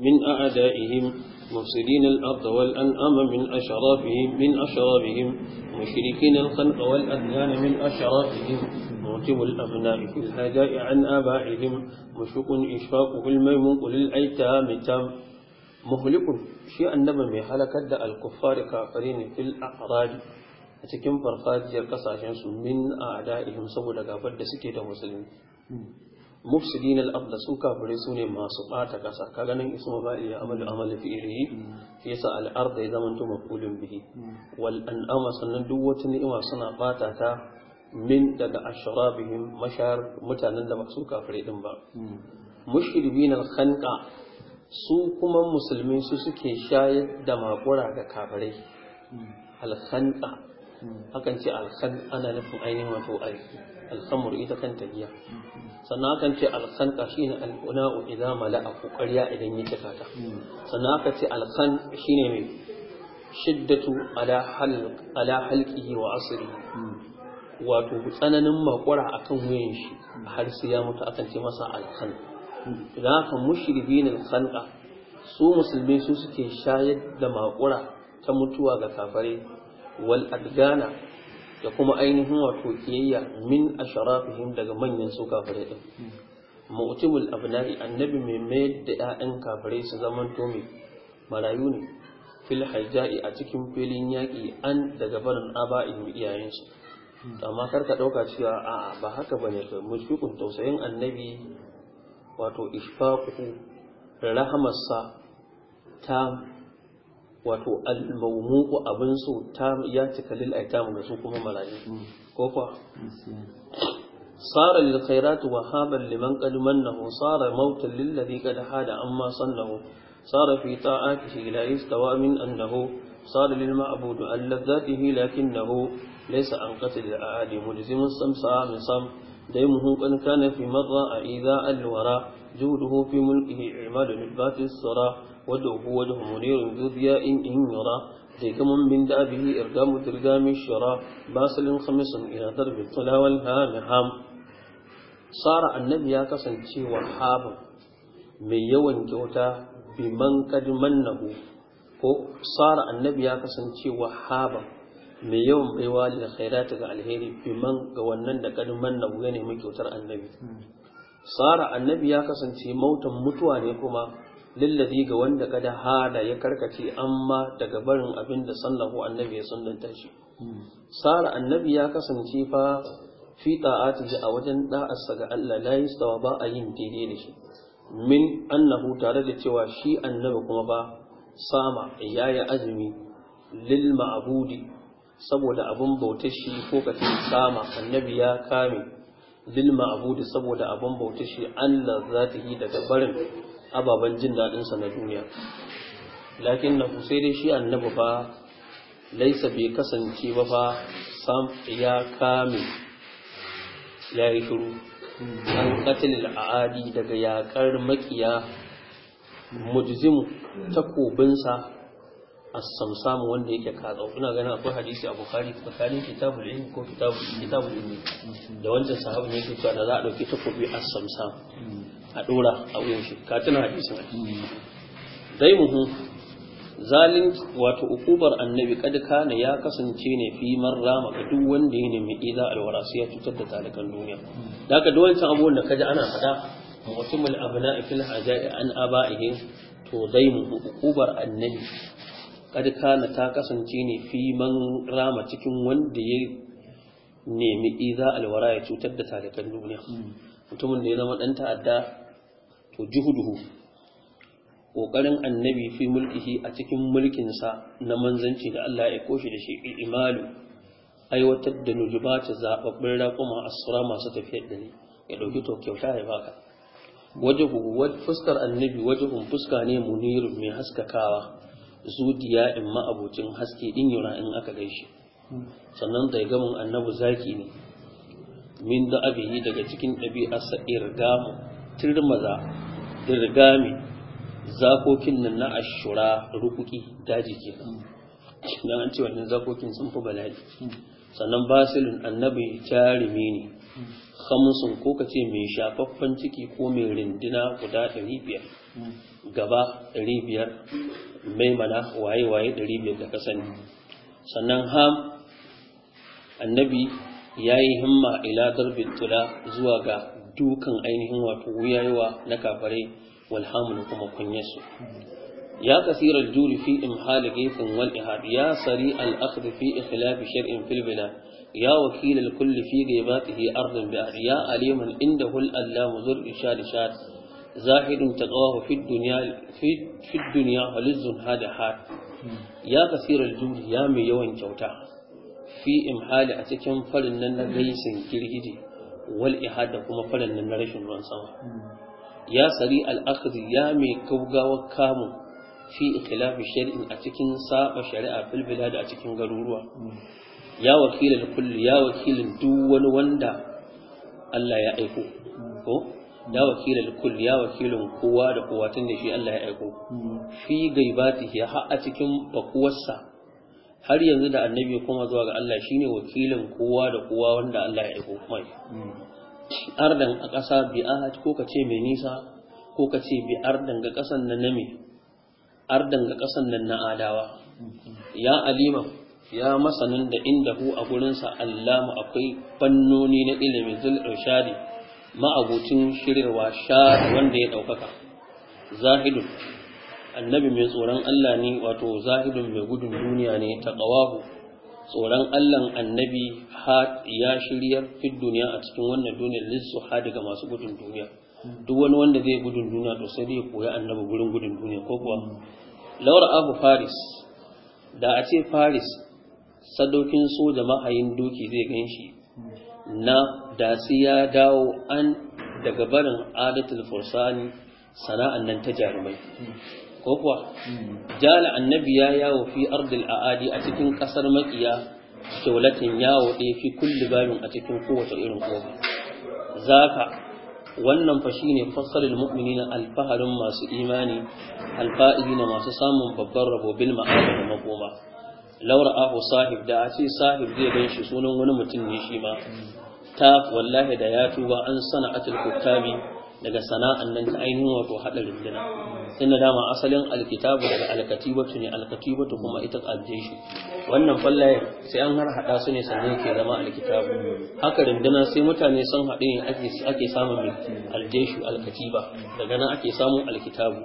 من أعدائهم مفسدين الأرض والأنعام من أشرافهم من أشرافهم مشركين الخلق والأذنان من أشرافهم موجب الأبناء في الهداء عن آبائهم مشوق إشفاقه الميمون قل الأيتام تام مهلك شيء النبى من حلقة الكفار كافرين في الأعراج أتكم cikin يرقص عشان min أعدائهم سبو saboda gafar da mufsidin al-ardh su kafirai su ne masu bata kasa ka ganin ismu ba iya amalu amalu fi'lihi yasa al-ardh ya zamanto mafulun bihi wal an'ama sannan duk wata ni'ima suna bata ta min daga ashrabihim mashar mutanen da ba su kafirai din ba mushribin al-khanqa su kuma musulmi su suke shayar da makura ga kafirai al-khanqa ce al ana nufin ainihin wato aiki alhamur ita kanta giya sannan akan ce alkhanqa shine alquna'u idza mala'a ƙarya idan ya cika ta sannan aka ce alkhan shine mai shiddatu ala halq ala halqihi wa asiri, wato tsananin makwara akan wuyan shi har sai ya mutu akan ce masa alkhan idan aka mushribin alkhanqa su musulmi su suke shayar da maƙwara ta mutuwa ga kafare wal adgana da kuma ainihin wato kiyayya min asharafihim daga manyan su kafirai din mu'timul abna'i annabi mai mayar da 'ya'yan kafirai su zaman tomi marayu ne fil hajja'i a cikin filin yaƙi an daga barin aba'in iyayensu amma kar ka ɗauka cewa a'a ba haka bane ka mushfiqun tausayin annabi wato ishfaquhu rahamarsa ta wato almaumu ko abin so ya cika lil aita mu su kuma malaye ko kwa sara lil khairatu wa haban liman qad mannahu sara mautan lil ladhi da hada amma sannahu sara fi ta'atihi la yastawa min annahu sara lil ma'bud an ladzatihi lakinnahu laysa an qatil al'adi mulzim samsa min sam dai muhun kan kana fi madra a idha al wara juduhu fi mulkihi imalu nibati sara وجهه وجه منير ذو ضياء إن يرى ديكم من دابه إرقام ترقام الشرى باسل خمس إلى درب الطلا والهامهام صار النبي يكسن شيء mai yawan kyauta biman kadman ko Sara annabi ya kasance wahaba mai yawan baiwa da khairata ga alheri biman ga wannan da kadman nahu ya nemi kyautar annabi Sara annabi ya kasance mautan mutuwa kuma lillazi ga wanda kada hada ya karkace amma daga barin abin da sallahu annabi ya sunnanta shi sara annabi ya kasance fa fi ta'ati a wajen da'arsa ga Allah la yastawa ba a yin daidai da shi min annahu tare da cewa shi annabi kuma ba sama yayi azumi lil ma'budi saboda abun bautar shi ko kace sama annabi ya kame bil ma'budi saboda abin bauta shi Allah za zatihi daga barin ababen jin dadin sa na duniya lakin na sai dai shi annabi fa laisa bai kasance ba fa sam ya kame ya yi shiru an katil al'adi daga yakar makiya mujzimu takobinsa as wanda yake kaza kuna ganin akwai hadisi a bukhari tsakanin kitabul ilm ko kitabul kitabul ilm da wancan sahabi ne yake cewa da za a dauki takobi as-samsam a dora a wuyan shi ka tuna hadisin dai muhu zalin wato ukubar annabi kad kana ya kasance ne fi rama ka duk wanda ya nemi iza alwara sai ya cutar da talakan duniya Da ka duk wancan abubuwan da kaji ana faɗa mutumul abna'i fil haja'i an aba'ihim to dai muhu, ukubar annabi kadkana ta kasance ne fi man rama cikin wanda ya nemi iza alwara ya cutar da talikan duniya mutumin da ya zama dan ta'adda to juhuduhu ƙoƙarin annabi fi mulkihi a cikin mulkinsa na manzanci da Allah ya koshi da shi imalu aiwatar da nujubata zababbin raƙuma asura masu tafiyar da ne ya ɗauki to kyauta ya baka wajibu fuskar annabi wajahun fuska ne munirun mai haskakawa zudiya in ma'abucin haske din yura in aka gaishe sannan daigamin annabi zaki ne min da abiyi daga cikin ɗabi'arsa irgamu tirmaza dirgami zakokin nan na ashura rukuki daji ke nan an ce wannan zakokin sun fi bala'i sannan basilin annabi jarumi ne khamsun ko ka ce mai shafaffen ciki ko mai rindina guda ɗari biyar gaba ɗari biyar maimana waye waye ɗari biyar da ka sani sannan ham annabi ya yi himma ila darbin tula zuwa ga dukan ainihin wato wuyayewa na kafare walhamun kuma kunyarsu Ya كثير juri في إمحال غيث والإهاب يا سريع الأخذ في إخلاف شرع يا وكيل الكل في غيباته أرض بأحياء عليما عنده الألام ذو الإشار شاد زاهد تقواه في الدنيا في, في الدنيا هلز هذا حال يا كثير الجود يا ميون توتا في إمحال أتكم فلن ليس كرهدي والإحادة كما فلن نرش من سما يا سريع الأخذ يا مي كوغا وكامو في إخلاف الشرع أتكن ساق شرع في البلاد أتكن غروروا ya wakilin kulli ya wakilin duk wani wanda Allah ya aiko ko da wakilin kulli ya wakilin kowa da kowa tun da shi Allah ya aiko fi gaibati ya ha a cikin bakuwarsa har yanzu da annabi kuma zuwa ga Allah shine wakilin kowa da kowa wanda Allah ya aiko mai ardan a ƙasa bi ahad ko ka ce mai nisa ko ka ce bi ardan ga ƙasan nan na me ardan ga ƙasan nan na adawa ya alima ya masanin da inda hu a gurinsa allama akwai fannoni na ilimin zul'irshadi ma'abucin shirirwa sha wanda ya ɗaukaka zahidun annabi mai tsoron Allah ne wato zahidun mai gudun duniya ne ta ƙawahu tsoron allan annabi ya shiryar fit duniya a cikin wannan duniyar lissu ha daga masu gudun duniya duk wani wanda zai gudun duniya to sai zai koya annabi gurin gudun duniya ko kuwa laura abu faris da a ce faris sadaukin soja mahayin doki zai gan shi na dasi ya dawo an daga barin adatul fursani sana'an nan ta jarumai ko kuwa jala annabi ya yawo fi ardil aadi a cikin kasar makiya shaulatin yawo ɗaya fi kulli babin a cikin kowace irin kofa zaka wannan fa shine fassalul mu'minina alfaharin masu imani alfa'ilina masu samun babban rabo bil ma'ada da makoma laura ahu sahib da a ce sahib zai gan shi sunan wani mutum ne shi ma ta wallahi da ya tuba an sana'atul kuttabi daga sana'an nan ta ainihin wato haɗa runduna inda dama asalin alkitabu daga alkatibatu ne alkatibatu kuma ita shi, wannan fallaye sai an har haɗa su ne sannan ke zama alkitabu haka runduna sai mutane sun haɗu ne ake samun aljeshu alkatiba daga nan ake samun alkitabu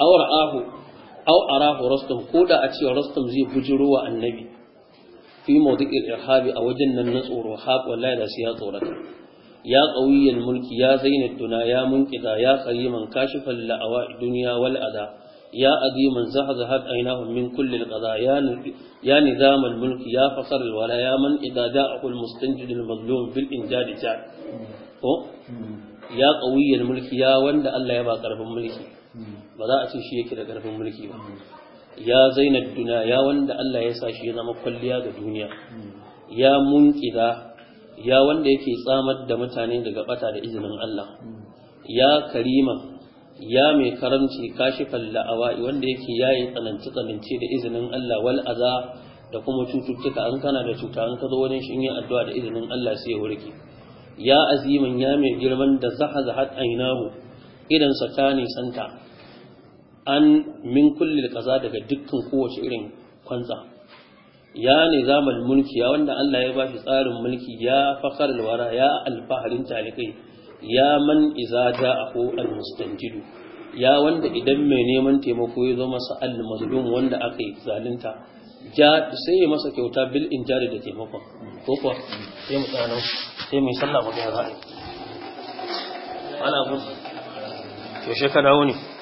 awar ahu aw arahu rastum ko da a cewa rastum zai bujiro wa annabi fi mawdi'il irhabi a wajen nan na tsoro haq wallahi da sai ya tsorata ya qawiyyal mulki ya zainat duna ya munqida ya qayyiman يا أديما زهزهت عيناهم من كل القضاء يا نظام الملك يا فصل ولا يا من إذا جاءه المستنجد المظلوم بالإنجاد جاء يا قوي الملك يا وند الله يبا قرب ba za a ce shi yake da ƙarfin mulki ba ya zainab duniya ya wanda Allah ya sa shi ya zama kwalliya ga duniya ya munƙida ya wanda yake tsamar da mutane daga bata da izinin Allah ya karima ya mai karamci kashifan la'awa'i wanda yake yayi tsananci tsananci da izinin Allah wal aza da kuma cututtuka an kana da cuta an ka zo wani shin yin addu'a da izinin Allah sai ya warke ya aziman ya mai girman da zaha zahat ainahu idan sa ta nisanta an min kulli kaza daga dukkan kowace irin kwanza ya nizamal mulki ya wanda Allah ya bashi tsarin mulki ya fakar alwara ya alfaharin talikai ya man iza ja'ahu almustanjidu ya wanda idan mai neman taimako ya zo masa almazlum wanda aka yi zalunta ja sai ya masa kyauta bil injari da taimakon ko kuwa sai mu tsano sai mu sallah mu ga ra'ayi ana bu to shekara wani